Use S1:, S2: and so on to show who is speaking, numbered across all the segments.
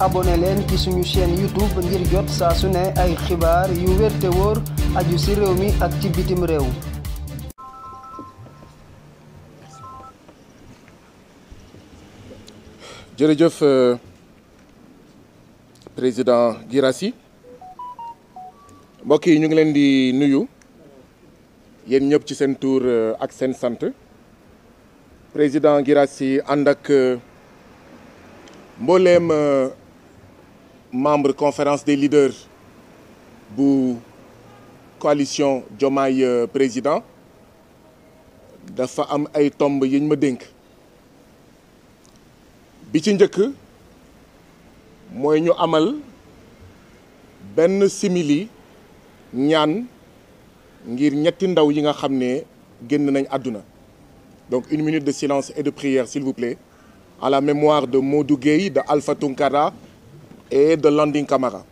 S1: abonné leen ci suñu chaîne YouTube ngir jot saa ay xibaar yu wér te wóor aju mi ak ci bitim réew. jërëjëf euh, président girasi mbokk yi ñu ngi leen di nuyu yéen ñëpp ci seen tour euh, ak seen sant président Guirassy ànd ak. Euh, mbooleem membre conférence des leaders bu coalition Diomaye euh, président dafa am ay tomb yiñ ma dénk bi ci njëkk mooy ñu amal benn simili ñaan ngir ñetti ndaw yi nga xam ne génn nañ àdduna donc une minute de silence et de prière s'il vous plaît à la mémoire de Modou Gueye de alfa Tunkara et de Landing Camara.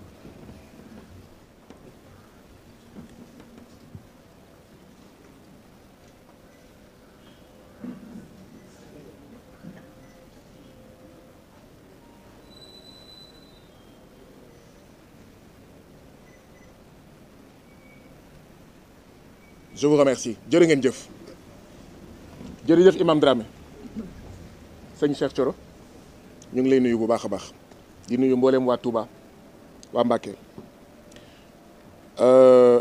S1: je jëf jërëjëf Imam Dramé sëñ Cheikh Thioro ñu ngi lay nuyu bu baax a baax. di nuyu mbooleem waa Touba waa Mbacké euh,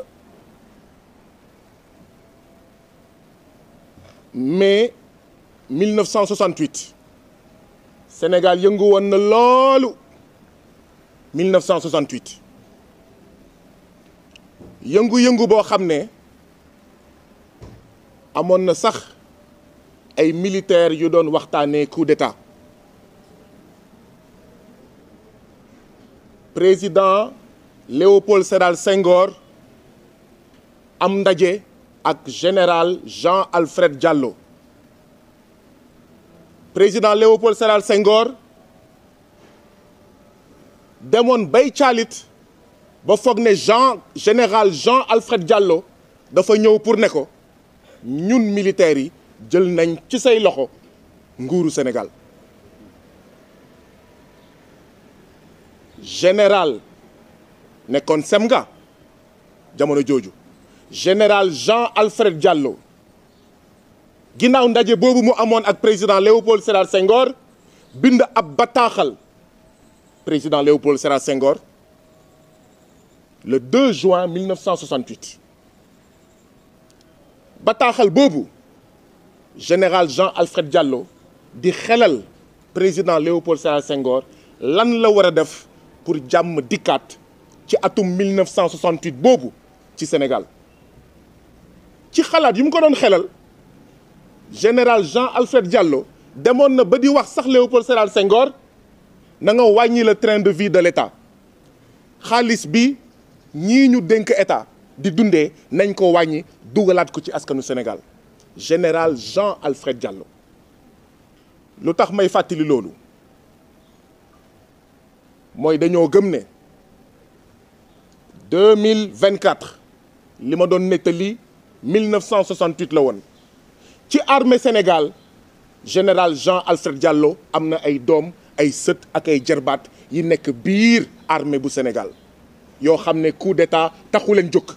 S1: mai 1968 Sénégal yëngu woon na loolu yëngu-yëngu boo xam ne amoon na sax ay militaires yu doon waxtaanee coup d'état président Léopold Sédar Senghor am ndaje ak général Jean Alfred Diallo président Léopold Sédar Senghor demoon bay caalit ba foog ne Jean général Jean Alfred Diallo dafa ñëw pour ne ko ñun militaires yi jël nañ ci say loxo nguuru Sénégal général nekkoon semga jamono jooju général Jean Alfred Diallo ginnaaw ndaje boobu mu amoon ak président Léopold Sédar sengor bind ab bataaxal président Léopold Sédar Senghor le 2 juin 1968 bataaxal boobu général Jean Alfred Diallo di xelal président Léopold Sédar Senghor lan la war a def pour jàmm dikkaat ci atum 1968 boobu ci Sénégal ci xalaat yu mu ko doon xelal général Jean Alfred Diallo demoon na ba di wax sax Léopold Sédar Senghor na nga wàññi la train de vie de l'État xaalis bi ñii ñu dénk état di dundee nañ ko wàññi dugalaat ko ci askanu Sénégal général Jean Alfred jàllo lu tax may fàttali loolu. mooy dañoo gëm ne deux mille vingt quatre li ma doon nettali mille neuf cent soixante huit la woon ci armée Sénégal général Jean Alfred Diallo am na ay doom ay sët ak ay jarbaat yi nekk biir armée bu Sénégal yoo xam ne coup d'état taxu leen jóg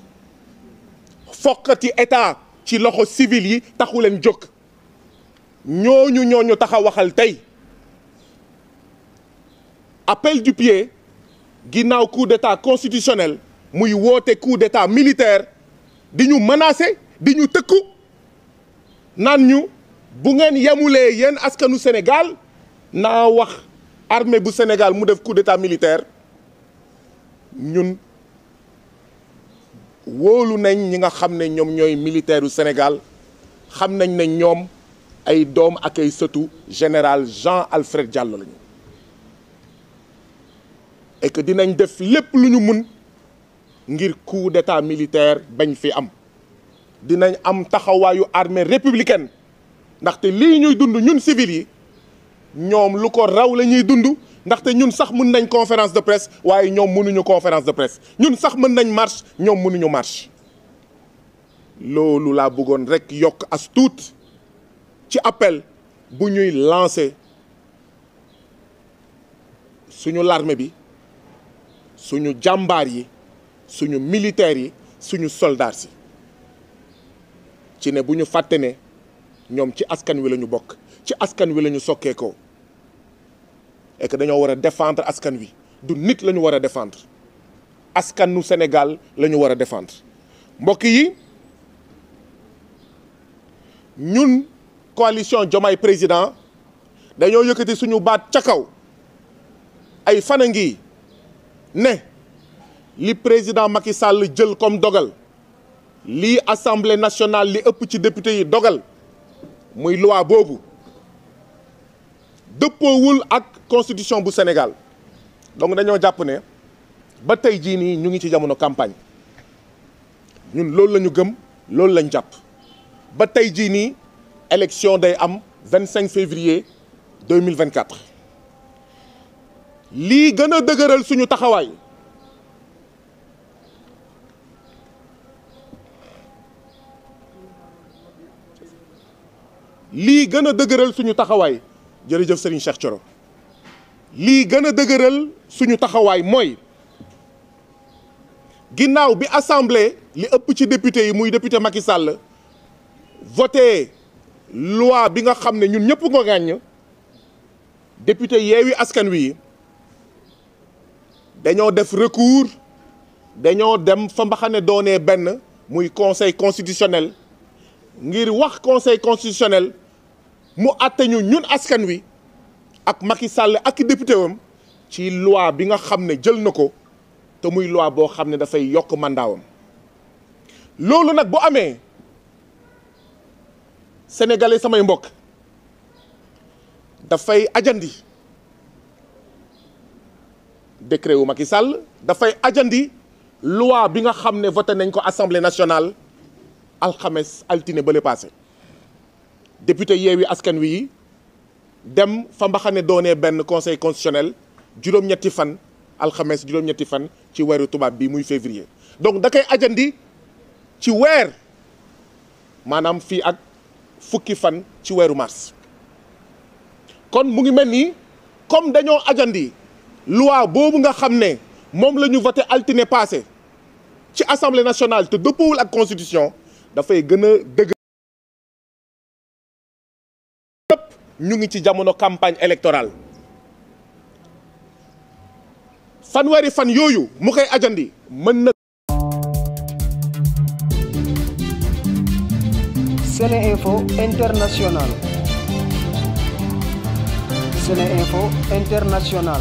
S1: fokkati état ci loxo civil yi taxu leen jóg ñooñu ñooñu taxa waxal tey. appel du pied ginnaaw coup d'état constitutionnel muy woote coup d'état militaire di ñu menacer di ñu tëkku naan ñu bu ngeen yemulee yéen askanu Sénégal naa wax armée bu Sénégal mu def coup d'état militaire ñun woolu nañ ñi nga xam ne ñoom ñooy militaire u Sénégal xam nañ ne ñoom ay doom ak ay sëtu général Jean Alfred jàll lañu et que dinañ def lépp lu ñu mun ngir coup d'état militaire bañ fi am dinañ am taxawaayu armée républicaine ndaxte lii ñuy dund ñun civil yi ñoom lu ko raw la ñuy dund ndaxte ñun sax mën nañ conférence de presse waaye ñoom mënuñu conférence de presse ñun sax mën nañ marche ñoom mënuñu marche loolu laa bëggoon rek yokk as tuut ci appel bu ñuy lancer suñu larme bi suñu jàmbaar yi suñu militaires yi suñu soldats yi ci ne bu ñu fàtte ne ñoom ci askan wi la ñu bokk ci askan wi la ñu sokkeekoo et dañoo war a défendre askan wi du nit lañu ñu war a défendre askanu Sénégal la ñu war a défendre mbokk yi ñun coalition Diomaye Président dañoo yëkkati suñu baat ca kaw ay fan a ngi ne li président Macky Sall jël comme dogal lii assemblée nationale li ëpp ci député yi dogal muy loi boobu dëppoowul ak constitution bu Sénégal donc dañoo jàpp ne ba tey jii nii ñu ngi ci jamono campagne ñun loolu la ñu gëm loolu lañ jàpp ba tey jii nii élection day am 25 février 2024 lii gën a dëgëral suñu taxawaay lii gën a dëgëral suñu taxawaay jërëjëf Serigne Cheikh Thioro gën a dëgëral suñu taxawaay mooy ginnaaw bi assemblée li ëpp ci député yi muy député Macky Sall voté loi bi nga xam ne ñun ñëpp nga gàññ député Yewwi Askan Wi dañoo def recours dañoo dem fa mbaxane doonee benn muy conseil constitutionnel ngir wax conseil constitutionnel mu àtte ñu ñun askan wi ak Macky Sall ak député wam ci loi bi nga xam ne jël na ko te muy loi boo xam ne dafay yokk mandaawam loolu nag bu amee sénégalais samay mbokk dafay ajandi décret wu Macky Sall dafay ajandi loi bi nga xam ne voté nañ ko assemblée nationale alxames altine ba le passé député Yewwi Askan Wi dem fa mbaxane doonee benn conseil constitutionnel juróom-ñetti fan alxames juróom fan ci weeru tubaab bi muy février donc da koy ajandi ci weer maanaam fii ak fukki fan ci weeru mars kon mu ngi mel ni comme dañoo ajandi loi boobu nga xam ne moom la ñu voté altine passé ci assemblée nationale te dëppoowul ak constitution dafay gën a dëgg yëpp ñu ngi ci jamono campagne électorale fanweeri fan yooyu mu koy ajandi mën na Sene Info International